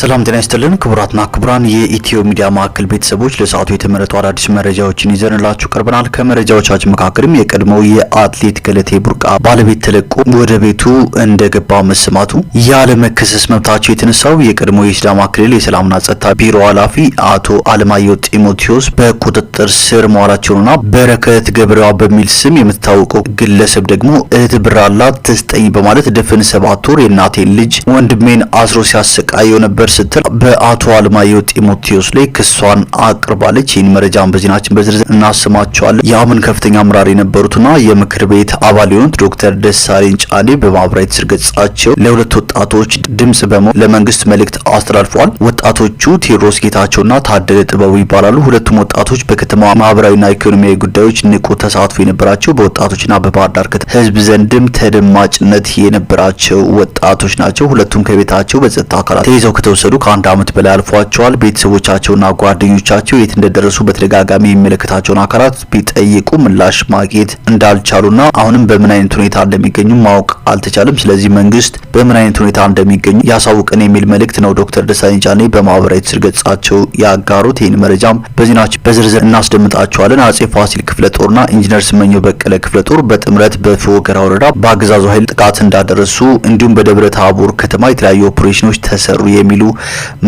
ሰላም ጤና ይስጥልን ክቡራትና ክቡራን የኢትዮ ሚዲያ ማዕከል ቤተሰቦች ለሰዓቱ የተመረጡ አዳዲስ መረጃዎችን ይዘንላችሁ ቀርበናል። ከመረጃዎቻችን መካከልም የቀድሞው የአትሌት ገለቴ ቡርቃ ባለቤት ተለቆ ወደ ቤቱ እንደገባ መሰማቱ፣ ያለመከሰስ መብታቸው የተነሳው የቀድሞው የሲዳማ ክልል የሰላምና ጸጥታ ቢሮ ኃላፊ አቶ አለማየሁ ጢሞቴዎስ በቁጥጥር ስር መዋላቸውንና በረከት ገብረዋ በሚል ስም የምትታወቀው ግለሰብ ደግሞ እህት ብራላት ትስጠኝ በማለት ድፍን ሰባት ወር የእናቴን ልጅ ወንድሜን አስሮ ሲያሰቃየው ነበር ነበር ስትል በአቶ አለማየሁ ጢሞቴዎስ ላይ ክሷን አቅርባለች። ይህን መረጃን በዜናችን በዝርዝር እናስማቸዋለን። የአብን ከፍተኛ አመራር የነበሩትና የምክር ቤት አባል የሆኑት ዶክተር ደሳለኝ ጫኔ በማህበራዊ ትስስር ገጻቸው ለሁለት ወጣቶች ድምጽ በመሆን ለመንግስት መልእክት አስተላልፈዋል። ወጣቶቹ ቴዎድሮስ ጌታቸውና ታደለ ጥበቡ ይባላሉ። ሁለቱም ወጣቶች በከተማ ማህበራዊና ኢኮኖሚያዊ ጉዳዮች ንቁ ተሳትፎ የነበራቸው በወጣቶችና በባህር ዳር ከተማ ህዝብ ዘንድም ተደማጭነት የነበራቸው ወጣቶች ናቸው። ሁለቱም ከቤታቸው በጸጥታ አካላት ተይዘው ከተወሰዱ ከተወሰዱ ከአንድ ዓመት በላይ አልፏቸዋል። ቤተሰቦቻቸውና ጓደኞቻቸው የት እንደደረሱ በተደጋጋሚ የሚመለከታቸውን አካላት ቢጠይቁ ምላሽ ማግኘት እንዳልቻሉና አሁንም በምን አይነት ሁኔታ እንደሚገኙ ማወቅ አልተቻለም። ስለዚህ መንግስት በምን አይነት ሁኔታ እንደሚገኙ ያሳውቅን የሚል መልእክት ነው ዶክተር ደሳለኝ ጫኔ በማህበራዊ ትስስር ገጻቸው ያጋሩት። ይህን መረጃም በዜናችን በዝርዝር እናስደምጣቸዋለን። አጼ ፋሲል ክፍለ ጦርና ኢንጂነር ስመኘው በቀለ ክፍለ ጦር በጥምረት በፎገራ ወረዳ በአገዛዙ ኃይል ጥቃት እንዳደረሱ እንዲሁም በደብረ ታቦር ከተማ የተለያዩ ኦፕሬሽኖች ተሰሩ የሚሉ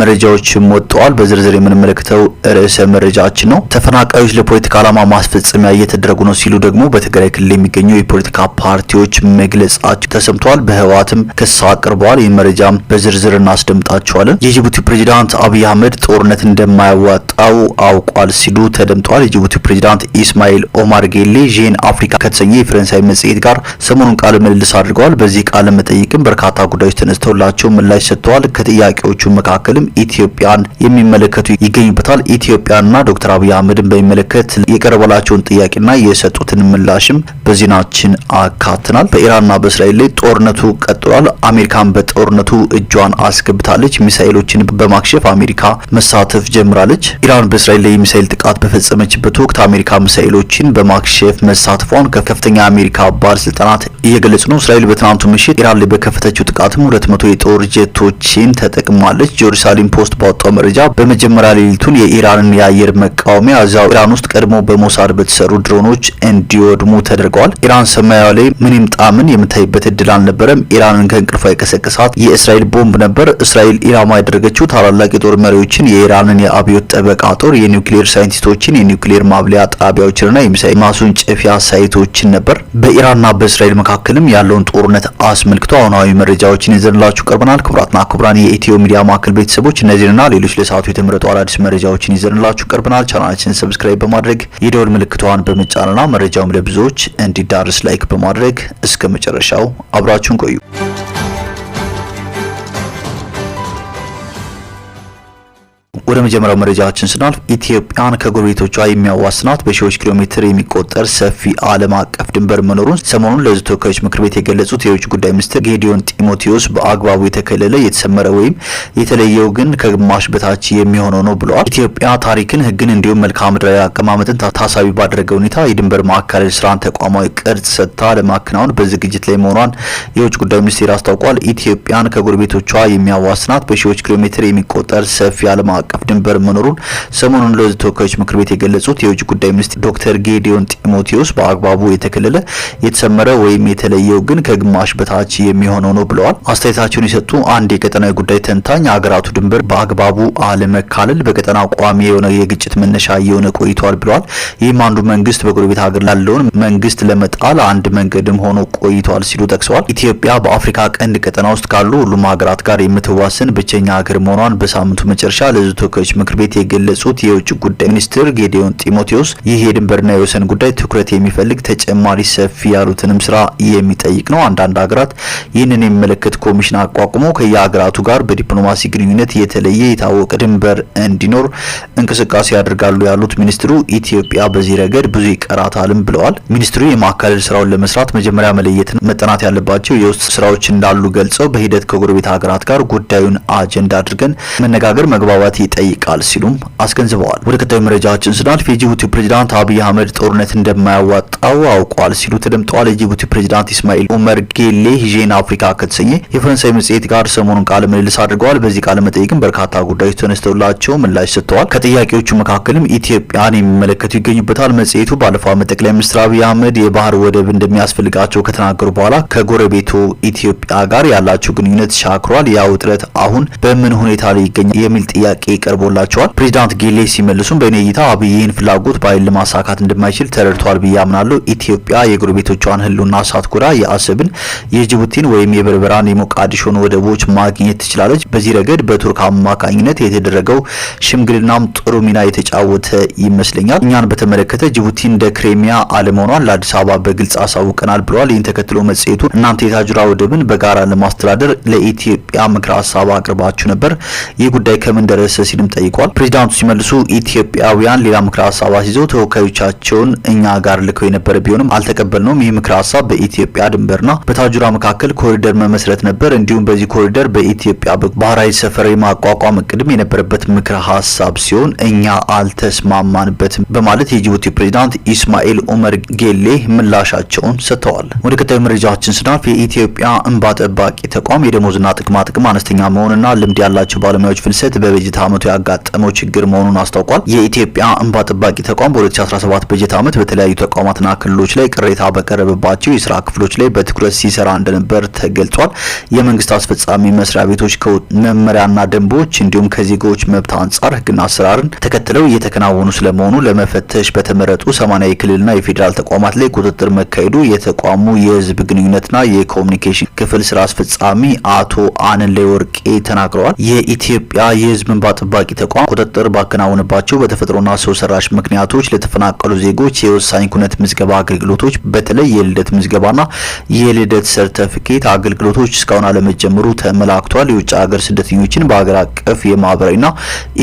መረጃዎችም ወጥተዋል። በዝርዝር የምንመለከተው ርዕሰ መረጃችን ነው። ተፈናቃዮች ለፖለቲካ ዓላማ ማስፈጸሚያ እየተደረጉ ነው ሲሉ ደግሞ በትግራይ ክልል የሚገኙ የፖለቲካ ፓርቲዎች መግለጻቸው ተሰምተዋል። በህወሓትም ክስ አቅርበዋል። ይህ መረጃ በዝርዝር እናስደምጣቸዋለን። የጅቡቲ ፕሬዚዳንት አብይ አህመድ ጦርነት እንደማያዋጣው አውቋል ሲሉ ተደምጠዋል። የጅቡቲ ፕሬዚዳንት ኢስማኤል ኦማር ጌሌ ዤን አፍሪካ ከተሰኘ የፈረንሳይ መጽሔት ጋር ሰሞኑን ቃለ ምልልስ አድርገዋል። በዚህ ቃለ መጠይቅም በርካታ ጉዳዮች ተነስተውላቸው ምላሽ ሰጥተዋል። ከጥያቄዎቹ መካከልም ኢትዮጵያን የሚመለከቱ ይገኙበታል። ኢትዮጵያና ዶክተር አብይ አህመድን በሚመለከት የቀረበላቸውን ጥያቄና የሰጡትን ምላሽም በዜናችን አካትናል። በኢራንና በእስራኤል ላይ ጦርነቱ ቀጥሏል። አሜሪካን በጦርነቱ እጇን አስገብታለች። ሚሳኤሎችን በማክሸፍ አሜሪካ መሳተፍ ጀምራለች። ኢራን በእስራኤል ላይ የሚሳኤል ጥቃት በፈጸመችበት ወቅት አሜሪካ ሚሳኤሎችን በማክሸፍ መሳተፏን ከፍተኛ የአሜሪካ ባለስልጣናት እየገለጹ ነው። እስራኤል በትናንቱ ምሽት ኢራን ላይ በከፈተችው ጥቃትም ሁለት መቶ የጦር ጀቶችን ተጠቅሟል። ትገኛለች። ጀሩሳሌም ፖስት ባወጣው መረጃ በመጀመሪያ ሌሊቱን የኢራንን የአየር መቃወሚያ እዛው ኢራን ውስጥ ቀድሞ በሞሳድ በተሰሩ ድሮኖች እንዲወድሙ ተደርገዋል። ኢራን ሰማያዊ ላይ ምንም ጣምን የምታይበት እድል አልነበረም። ኢራንን ከእንቅልፏ የቀሰቀሳት የእስራኤል ቦምብ ነበር። እስራኤል ኢላማ ያደረገችው ታላላቅ የጦር መሪዎችን፣ የኢራንን የአብዮት ጠበቃ ጦር፣ የኒውክሌር ሳይንቲስቶችን፣ የኒውክሌር ማብለያ ጣቢያዎችንና የሚሳኤል ማስወንጨፊያ ሳይቶችን ነበር። በኢራንና በእስራኤል መካከልም ያለውን ጦርነት አስመልክቶ አሁናዊ መረጃዎችን ይዘንላችሁ ቀርበናል። ክቡራትና ክቡራን የኢትዮ ሚዲያ ማዕከል ቤተሰቦች እነዚህንና ሌሎች ለሰዓቱ የተመረጡ አዳዲስ መረጃዎችን ይዘንላችሁ ቀርበናል። ቻናላችን ሰብስክራይብ በማድረግ የደወል ምልክቷን በመጫንና መረጃውም ለብዙዎች እንዲዳርስ ላይክ በማድረግ እስከ መጨረሻው አብራችሁን ቆዩ። ወደ መጀመሪያው መረጃችን ስናልፍ ኢትዮጵያን ከጎረቤቶቿ የሚያዋስናት በሺዎች ኪሎ ሜትር የሚቆጠር ሰፊ ዓለም አቀፍ ድንበር መኖሩን ሰሞኑን ለሕዝብ ተወካዮች ምክር ቤት የገለጹት የውጭ ጉዳይ ሚኒስትር ጌዲዮን ጢሞቴዎስ በአግባቡ የተከለለ የተሰመረ ወይም የተለየው ግን ከግማሽ በታች የሚሆነው ነው ብለዋል። ኢትዮጵያ ታሪክን፣ ሕግን እንዲሁም መልክዓ ምድራዊ አቀማመጥን ታሳቢ ባደረገ ሁኔታ የድንበር ማካለል ስራን ተቋማዊ ቅርጽ ሰጥታ ለማከናወን በዝግጅት ላይ መሆኗን የውጭ ጉዳይ ሚኒስቴር አስታውቋል። ኢትዮጵያን ከጎረቤቶቿ የሚያዋስናት በሺዎች ኪሎ ሜትር የሚቆጠር ሰፊ ዓለም አቀፍ አቀፍ ድንበር መኖሩን ሰሞኑን ለሕዝብ ተወካዮች ምክር ቤት የገለጹት የውጭ ጉዳይ ሚኒስትር ዶክተር ጌዲዮን ጢሞቴዎስ በአግባቡ የተከለለ የተሰመረ ወይም የተለየው ግን ከግማሽ በታች የሚሆነው ነው ብለዋል። አስተያየታቸውን የሰጡ አንድ የቀጠናዊ ጉዳይ ተንታኝ ሀገራቱ ድንበር በአግባቡ አለመካለል በቀጠና ቋሚ የሆነ የግጭት መነሻ እየሆነ ቆይቷል ብለዋል። ይህም አንዱ መንግስት በጎረቤት ሀገር ላለውን መንግስት ለመጣል አንድ መንገድም ሆኖ ቆይቷል ሲሉ ጠቅሰዋል። ኢትዮጵያ በአፍሪካ ቀንድ ቀጠና ውስጥ ካሉ ሁሉም ሀገራት ጋር የምትዋሰን ብቸኛ ሀገር መሆኗን በሳምንቱ መጨረሻ ለሕዝብ ተወካዮች ምክር ቤት የገለጹት የውጭ ጉዳይ ሚኒስትር ጌዲዮን ጢሞቴዎስ ይህ የድንበርና የወሰን ጉዳይ ትኩረት የሚፈልግ ተጨማሪ ሰፊ ያሉትንም ስራ የሚጠይቅ ነው። አንዳንድ ሀገራት ይህንን የሚመለከት ኮሚሽን አቋቁሞ ከየሀገራቱ ጋር በዲፕሎማሲ ግንኙነት የተለየ የታወቀ ድንበር እንዲኖር እንቅስቃሴ ያደርጋሉ ያሉት ሚኒስትሩ ኢትዮጵያ በዚህ ረገድ ብዙ ይቀራታልም ብለዋል። ሚኒስትሩ የማካለል ስራውን ለመስራት መጀመሪያ መለየትን መጠናት ያለባቸው የውስጥ ስራዎች እንዳሉ ገልጸው በሂደት ከጎረቤት ሀገራት ጋር ጉዳዩን አጀንዳ አድርገን መነጋገር መግባባት ይጠይቃል ሲሉም አስገንዝበዋል። ወደ ቀጣዩ መረጃችን ስናልፍ የጅቡቲ ፕሬዚዳንት አብይ አህመድ ጦርነት እንደማያዋጣው አውቋል ሲሉ ተደምጠዋል። የጅቡቲ ፕሬዚዳንት ኢስማኤል ኡመር ጌሌ ሂዥን አፍሪካ ከተሰኘ የፈረንሳይ መጽሔት ጋር ሰሞኑን ቃለ ምልልስ አድርገዋል። በዚህ ቃለ መጠይቅም በርካታ ጉዳዮች ተነስተውላቸው ምላሽ ሰጥተዋል። ከጥያቄዎቹ መካከልም ኢትዮጵያን የሚመለከቱ ይገኙበታል። መጽሔቱ ባለፈው ዓመት ጠቅላይ ሚኒስትር አብይ አህመድ የባህር ወደብ እንደሚያስፈልጋቸው ከተናገሩ በኋላ ከጎረቤቱ ኢትዮጵያ ጋር ያላቸው ግንኙነት ሻክሯል። ያ ውጥረት አሁን በምን ሁኔታ ላይ ይገኛል የሚል ጥያቄ ቀርቦላቸዋል። ፕሬዚዳንት ጌሌ ሲመልሱም በእኔ እይታ አብይ ይህን ፍላጎት በኃይል ለማሳካት እንደማይችል ተረድቷል ብዬ አምናለሁ። ኢትዮጵያ የጎረቤቶቿን ህልውና ሳትጎዳ የአሰብን፣ የጅቡቲን ወይም የበርበራን የሞቃዲሾን ወደቦች ማግኘት ትችላለች። በዚህ ረገድ በቱርክ አማካኝነት የተደረገው ሽምግልናም ጥሩ ሚና የተጫወተ ይመስለኛል። እኛን በተመለከተ ጅቡቲ እንደ ክሬሚያ አለመሆኗን ለአዲስ አበባ በግልጽ አሳውቀናል ብለዋል። ይህን ተከትሎ መጽሔቱን እናንተ የታጁራ ወደብን በጋራ ለማስተዳደር ለኢትዮጵያ ምክረ ሀሳብ አቅርባችሁ ነበር። ይህ ጉዳይ ከምን ደረሰ ሲልም ጠይቋል። ፕሬዚዳንቱ ሲመልሱ ኢትዮጵያውያን ሌላ ምክረ ሀሳብ አስይዘው ተወካዮቻቸውን እኛ ጋር ልከው የነበረ ቢሆንም አልተቀበልነውም። ይህ ምክረ ሀሳብ በኢትዮጵያ ድንበርና በታጁራ መካከል ኮሪደር መመስረት ነበር። እንዲሁም በዚህ ኮሪደር በኢትዮጵያ ባህራዊ ሰፈር የማቋቋም እቅድም የነበረበት ምክረ ሀሳብ ሲሆን እኛ አልተስማማንበትም በማለት የጅቡቲ ፕሬዚዳንት ኢስማኤል ኡመር ጌሌ ምላሻቸውን ሰጥተዋል። ወደ ቀጣዩ መረጃዎችን ስናልፍ የኢትዮጵያ እንባ ጠባቂ ተቋም የደሞዝና ጥቅማ ጥቅም አነስተኛ መሆንና ልምድ ያላቸው ባለሙያዎች ፍልሰት በበጀት በዓመቱ ያጋጠመው ችግር መሆኑን አስታውቋል። የኢትዮጵያ እንባ ጠባቂ ተቋም በ2017 በጀት ዓመት በተለያዩ ተቋማትና ክልሎች ላይ ቅሬታ በቀረበባቸው የስራ ክፍሎች ላይ በትኩረት ሲሰራ እንደነበር ተገልጿል። የመንግስት አስፈጻሚ መስሪያ ቤቶች መመሪያና ደንቦች እንዲሁም ከዜጎች መብት አንጻር ህግና አሰራርን ተከትለው እየተከናወኑ ስለመሆኑ ለመፈተሽ በተመረጡ ሰማንያ የክልልና የፌዴራል ተቋማት ላይ ቁጥጥር መካሄዱ የተቋሙ የህዝብ ግንኙነትና የኮሚኒኬሽን ክፍል ስራ አስፈጻሚ አቶ አንን ላይ ወርቄ ተናግረዋል። የኢትዮጵያ የህዝብ እንባ ጥባቂ ተቋም ቁጥጥር ባከናወነባቸው በተፈጥሮና ሰው ሰራሽ ምክንያቶች ለተፈናቀሉ ዜጎች የወሳኝ ኩነት ምዝገባ አገልግሎቶች በተለይ የልደት ምዝገባና የልደት ሰርተፊኬት አገልግሎቶች እስካሁን አለመጀመሩ ተመላክቷል። የውጭ ሀገር ስደተኞችን በሀገር አቀፍ የማህበራዊና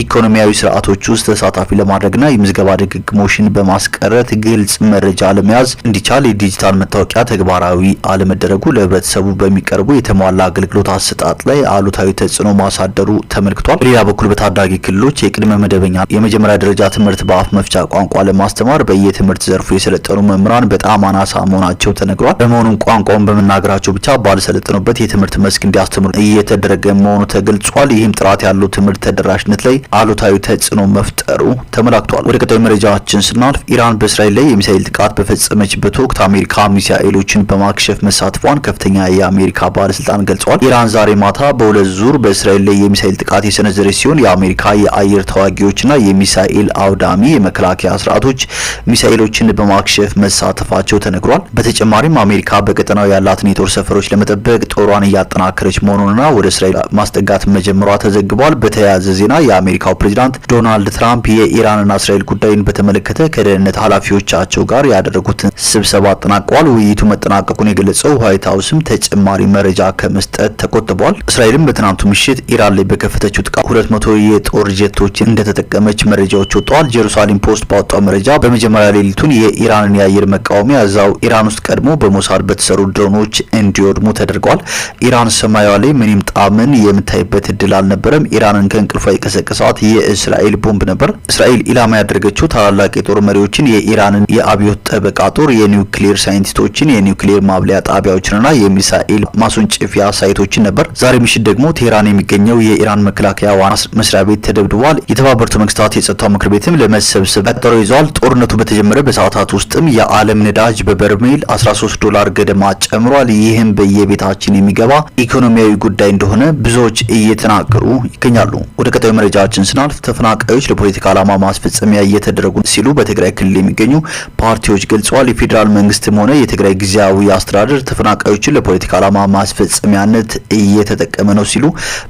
ኢኮኖሚያዊ ስርዓቶች ውስጥ ተሳታፊ ለማድረግና የምዝገባ ድግግሞሽን በማስቀረት ግልጽ መረጃ አለመያዝ እንዲቻል የዲጂታል መታወቂያ ተግባራዊ አለመደረጉ ለህብረተሰቡ በሚቀርቡ የተሟላ አገልግሎት አሰጣጥ ላይ አሉታዊ ተጽዕኖ ማሳደሩ ተመልክቷል። በሌላ በኩል ታዳጊ ክልሎች የቅድመ መደበኛ የመጀመሪያ ደረጃ ትምህርት በአፍ መፍቻ ቋንቋ ለማስተማር በየትምህርት ዘርፉ የሰለጠኑ መምህራን በጣም አናሳ መሆናቸው ተነግሯል። በመሆኑም ቋንቋውን በመናገራቸው ብቻ ባልሰለጠኑበት የትምህርት መስክ እንዲያስተምሩ እየተደረገ መሆኑ ተገልጿል። ይህም ጥራት ያለው ትምህርት ተደራሽነት ላይ አሉታዊ ተጽዕኖ መፍጠሩ ተመላክቷል። ወደ ቀጣይ መረጃችን ስናልፍ ኢራን በእስራኤል ላይ የሚሳኤል ጥቃት በፈጸመችበት ወቅት አሜሪካ ሚሳኤሎችን በማክሸፍ መሳትፏን ከፍተኛ የአሜሪካ ባለስልጣን ገልጿል። ኢራን ዛሬ ማታ በሁለት ዙር በእስራኤል ላይ የሚሳኤል ጥቃት የሰነዘረች ሲሆን የአሜሪካ የአየር ተዋጊዎችና የሚሳኤል አውዳሚ የመከላከያ ስርዓቶች ሚሳኤሎችን በማክሸፍ መሳተፋቸው ተነግሯል። በተጨማሪም አሜሪካ በቀጠናው ያላትን የጦር ሰፈሮች ለመጠበቅ ጦሯን እያጠናከረች መሆኑንና ወደ እስራኤል ማስጠጋት መጀመሯ ተዘግቧል። በተያያዘ ዜና የአሜሪካው ፕሬዚዳንት ዶናልድ ትራምፕ የኢራንና እስራኤል ጉዳይን በተመለከተ ከደህንነት ኃላፊዎቻቸው ጋር ያደረጉትን ስብሰባ አጠናቀዋል። ውይይቱ መጠናቀቁን የገለጸው ዋይት ሀውስም ተጨማሪ መረጃ ከመስጠት ተቆጥቧል። እስራኤልም በትናንቱ ምሽት ኢራን ላይ በከፈተችው ጥቃት ሁለት መቶ የጦር ጀቶች እንደተጠቀመች መረጃዎች ወጥተዋል። ጀሩሳሌም ፖስት ባወጣው መረጃ በመጀመሪያ ሌሊቱን የኢራንን የአየር መቃወሚያ እዛው ኢራን ውስጥ ቀድሞ በሞሳድ በተሰሩ ድሮኖች እንዲወድሙ ተደርጓል። ኢራን ሰማያዋ ላይ ምንም ጣዕምን የምታይበት እድል አልነበረም። ኢራንን ከእንቅልፏ የቀሰቀሳት የእስራኤል ቦምብ ነበር። እስራኤል ኢላማ ያደረገችው ታላላቅ የጦር መሪዎችን፣ የኢራንን የአብዮት ጠበቃ ጦር፣ የኒውክሌር ሳይንቲስቶችን፣ የኒውክሌር ማብለያ ጣቢያዎችንና የሚሳኤል ማስወንጨፊያ ሳይቶችን ነበር። ዛሬ ምሽት ደግሞ ቴህራን የሚገኘው የኢራን መከላከያ ዋና መስሪያ ቤት ተደብድቧል። የተባበሩት መንግስታት የጸጥታው ምክር ቤትም ለመሰብሰብ ቀጠሮ ይዟል። ጦርነቱ በተጀመረ በሰዓታት ውስጥም የዓለም ነዳጅ በበርሜል 13 ዶላር ገደማ ጨምሯል። ይህም በየቤታችን የሚገባ ኢኮኖሚያዊ ጉዳይ እንደሆነ ብዙዎች እየተናገሩ ይገኛሉ። ወደ ቀጣዩ መረጃችን ስናልፍ ተፈናቃዮች ለፖለቲካ ዓላማ ማስፈጸሚያ እየተደረጉ ሲሉ በትግራይ ክልል የሚገኙ ፓርቲዎች ገልጸዋል። የፌዴራል መንግስትም ሆነ የትግራይ ጊዜያዊ አስተዳደር ተፈናቃዮችን ለፖለቲካ ዓላማ ማስፈጸሚያነት እየተጠቀመ ነው ሲሉ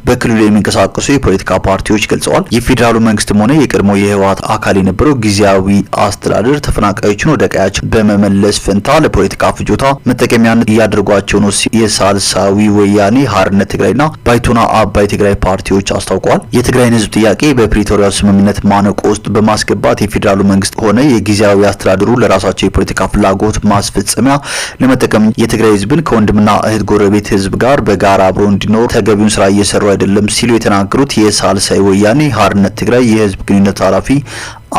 በክልሉ የሚንቀሳቀሱ የፖለቲካ ፓርቲ ፓርቲዎች ገልጸዋል። የፌዴራሉ መንግስትም ሆነ የቀድሞ የህወሀት አካል የነበረው ጊዜያዊ አስተዳደር ተፈናቃዮችን ወደ ቀያቸው በመመለስ ፈንታ ለፖለቲካ ፍጆታ መጠቀሚያነት እያደርጓቸው ነው የሳልሳዊ ወያኔ ሀርነት ትግራይና ባይቶና አባይ ትግራይ ፓርቲዎች አስታውቀዋል። የትግራይን ህዝብ ጥያቄ በፕሪቶሪያው ስምምነት ማነቆ ውስጥ በማስገባት የፌዴራሉ መንግስት ሆነ የጊዜያዊ አስተዳደሩ ለራሳቸው የፖለቲካ ፍላጎት ማስፈጸሚያ ለመጠቀም የትግራይ ህዝብን ከወንድምና እህት ጎረቤት ህዝብ ጋር በጋራ አብሮ እንዲኖር ተገቢውን ስራ እየሰሩ አይደለም ሲሉ የተናገሩት የሳልሳዊ ወያኔ ሀርነት ትግራይ የህዝብ ግንኙነት ኃላፊ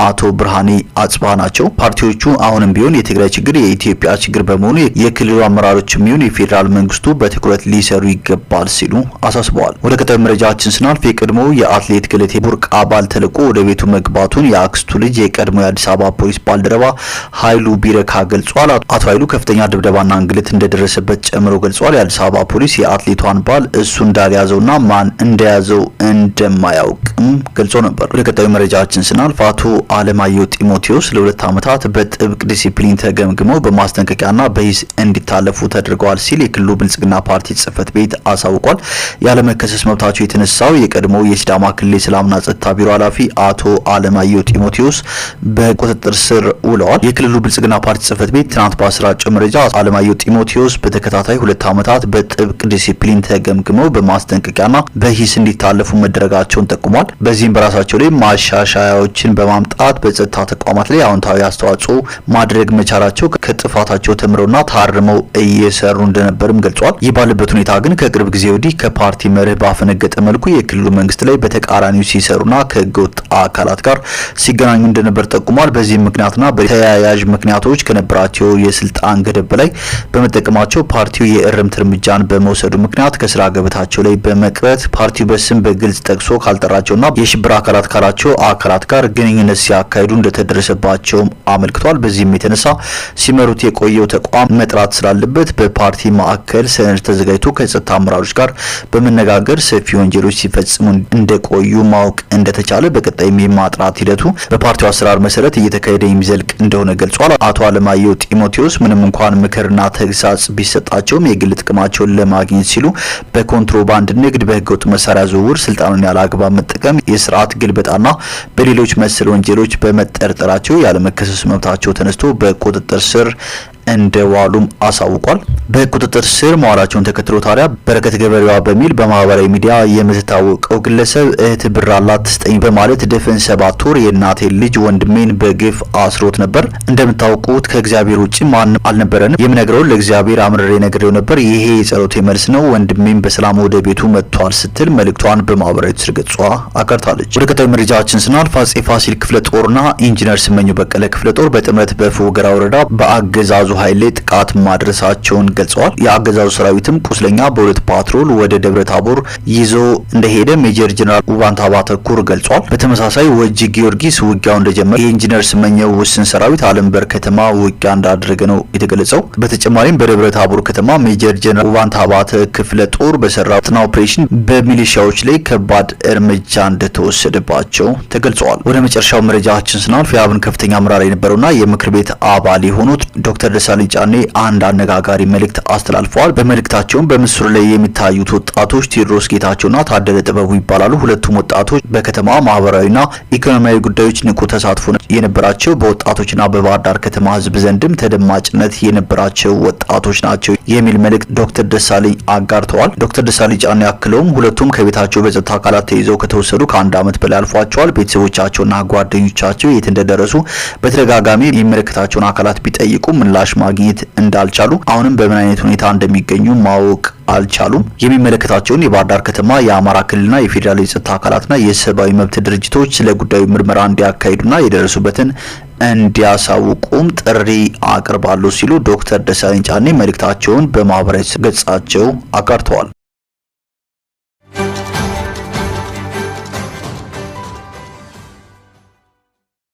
አቶ ብርሃኔ አጽባ ናቸው። ፓርቲዎቹ አሁንም ቢሆን የትግራይ ችግር የኢትዮጵያ ችግር በመሆኑ የክልሉ አመራሮች የሚሆን የፌዴራል መንግስቱ በትኩረት ሊሰሩ ይገባል ሲሉ አሳስበዋል። ወደ ቀጣዩ መረጃችን ስናልፍ የቀድሞው የአትሌት ገለቴ ቡርቃ አባል ተልቆ ወደ ቤቱ መግባቱን የአክስቱ ልጅ የቀድሞ የአዲስ አበባ ፖሊስ ባልደረባ ኃይሉ ቢረካ ገልጿል። አቶ ኃይሉ ከፍተኛ ድብደባና እንግልት እንደደረሰበት ጨምሮ ገልጿል። የአዲስ አበባ ፖሊስ የአትሌቷን ባል እሱ እንዳልያዘውና ማን እንደያዘው እንደማያውቅም ገልጾ ነበር። ወደ ቀጣዩ መረጃችን ስናልፍ አቶ አለማየሁ ጢሞቴዎስ ለሁለት ዓመታት በጥብቅ ዲሲፕሊን ተገምግመው በማስጠንቀቂያና በሂስ እንዲታለፉ ተደርገዋል ሲል የክልሉ ብልጽግና ፓርቲ ጽህፈት ቤት አሳውቋል። ያለመከሰስ መብታቸው የተነሳው የቀድሞ የሲዳማ ክልል የሰላምና ጸጥታ ቢሮ ኃላፊ አቶ አለማየሁ ጢሞቴዎስ በቁጥጥር ስር ውለዋል። የክልሉ ብልጽግና ፓርቲ ጽህፈት ቤት ትናንት ባሰራጨው መረጃ አለማየሁ ጢሞቴዎስ በተከታታይ ሁለት ዓመታት በጥብቅ ዲሲፕሊን ተገምግመው በማስጠንቀቂያና በሂስ እንዲታለፉ መደረጋቸውን ጠቁሟል። በዚህም በራሳቸው ላይ ማሻሻያዎችን በማምጣት በማምጣት በጸጥታ ተቋማት ላይ አዎንታዊ አስተዋጽኦ ማድረግ መቻላቸው ከጥፋታቸው ተምረውና ታርመው እየሰሩ እንደነበርም ገልጿል። ይህ ባለበት ሁኔታ ግን ከቅርብ ጊዜ ወዲህ ከፓርቲ መርህ ባፈነገጠ መልኩ የክልሉ መንግስት ላይ በተቃራኒው ሲሰሩና ከህገወጥ አካላት ጋር ሲገናኙ እንደነበር ጠቁሟል። በዚህም ምክንያትና በተያያዥ ምክንያቶች ከነበራቸው የስልጣን ገደብ በላይ በመጠቀማቸው ፓርቲው የእርምት እርምጃን በመውሰዱ ምክንያት ከስራ ገበታቸው ላይ በመቅረት ፓርቲው በስም በግልጽ ጠቅሶ ካልጠራቸውና የሽብር አካላት ካላቸው አካላት ጋር ግንኙነት ውይይት ሲያካሂዱ እንደተደረሰባቸውም አመልክቷል። በዚህም የተነሳ ሲመሩት የቆየው ተቋም መጥራት ስላለበት በፓርቲ ማዕከል ሰነድ ተዘጋጅቶ ከጸጥታ አመራሮች ጋር በመነጋገር ሰፊ ወንጀሎች ሲፈጽሙ እንደቆዩ ማወቅ እንደተቻለ በቀጣይም የማጥራት ሂደቱ በፓርቲው አሰራር መሰረት እየተካሄደ የሚዘልቅ እንደሆነ ገልጿል። አቶ አለማየሁ ጢሞቴዎስ ምንም እንኳን ምክርና ተግሳጽ ቢሰጣቸውም የግል ጥቅማቸውን ለማግኘት ሲሉ በኮንትሮባንድ ንግድ፣ በህገወጥ መሳሪያ ዝውውር፣ ስልጣኑን ያለ አግባብ መጠቀም፣ የስርዓት ግልበጣና በሌሎች መሰል ወንጀሎች በመጠርጠራቸው ያለመከሰስ መብታቸው ተነስቶ በቁጥጥር ስር እንደዋሉም አሳውቋል። በቁጥጥር ስር መዋላቸውን ተከትሎ ታዲያ በረከት ገበሬዋ በሚል በማህበራዊ ሚዲያ የምትታወቀው ግለሰብ እህት ብር አላት ትስጠኝ በማለት ድፍን ሰባት ወር የእናቴ ልጅ ወንድሜን በግፍ አስሮት ነበር። እንደምታውቁት ከእግዚአብሔር ውጭ ማንም አልነበረንም። የምነግረውን ለእግዚአብሔር አምርሬ ነግሬው ነበር። ይሄ የጸሎቴ መልስ ነው። ወንድሜም በሰላም ወደ ቤቱ መጥቷል ስትል መልእክቷን በማህበራዊ ትስስር ገጿ አጋርታለች። ወደ ቀጣዩ መረጃችን ስናልፍ አጼ ፋሲል ክፍለ ጦርና ኢንጂነር ስመኘው በቀለ ክፍለ ጦር በጥምረት በፎገራ ወረዳ በአገዛዙ ኃይል ላይ ጥቃት ማድረሳቸውን ገልጸዋል። የአገዛዙ ሰራዊትም ቁስለኛ በሁለት ፓትሮል ወደ ደብረ ታቦር ይዞ እንደሄደ ሜጀር ጀነራል ውባንታባ ተኩር ገልጿል። በተመሳሳይ ወጅ ጊዮርጊስ ውጊያው እንደጀመረ የኢንጂነር ስመኘው ውስን ሰራዊት አለምበር ከተማ ውጊያ እንዳደረገ ነው የተገለጸው። በተጨማሪም በደብረ ታቦር ከተማ ሜጀር ጀነራል ውባንታባ ክፍለ ጦር በሰራ ጥና ኦፕሬሽን በሚሊሻዎች ላይ ከባድ እርምጃ እንደተወሰደባቸው ተገልጸዋል። ወደ መጨረሻው መረጃችን ስናልፍ የአብን ከፍተኛ አመራር የነበረውና የምክር ቤት አባል የሆኑት ዶክተር ደሳሌ ጫኔ አንድ አነጋጋሪ መልእክት አስተላልፈዋል። በመልእክታቸውም በምስሉ ላይ የሚታዩት ወጣቶች ቴዎድሮስ ጌታቸውና ታደለ ጥበቡ ይባላሉ። ሁለቱም ወጣቶች በከተማ ማህበራዊና ኢኮኖሚያዊ ጉዳዮች ንቁ ተሳትፎ የነበራቸው በወጣቶችና በባህር ዳር ከተማ ህዝብ ዘንድም ተደማጭነት የነበራቸው ወጣቶች ናቸው የሚል መልእክት ዶክተር ደሳለኝ አጋርተዋል። ዶክተር ደሳለኝ ጫኔ አክለውም ሁለቱም ከቤታቸው በጸጥታ አካላት ተይዘው ከተወሰዱ ከአንድ ዓመት በላይ አልፏቸዋል። ቤተሰቦቻቸውና ጓደኞቻቸው የት እንደደረሱ በተደጋጋሚ የሚመለከታቸውን አካላት ቢጠይቁ ምላሽ ማግኘት እንዳልቻሉ አሁንም በምን አይነት ሁኔታ እንደሚገኙ ማወቅ አልቻሉም። የሚመለከታቸውን የባህር ዳር ከተማ የአማራ ክልልና የፌዴራል የጸጥታ አካላትና የሰብአዊ መብት ድርጅቶች ስለ ጉዳዩ ምርመራ እንዲያካሂዱና የደረሱበትን እንዲያሳውቁም ጥሪ አቅርባሉ ሲሉ ዶክተር ደሳለኝ ጫኔ መልእክታቸውን በማህበራዊ ገጻቸው አጋርተዋል።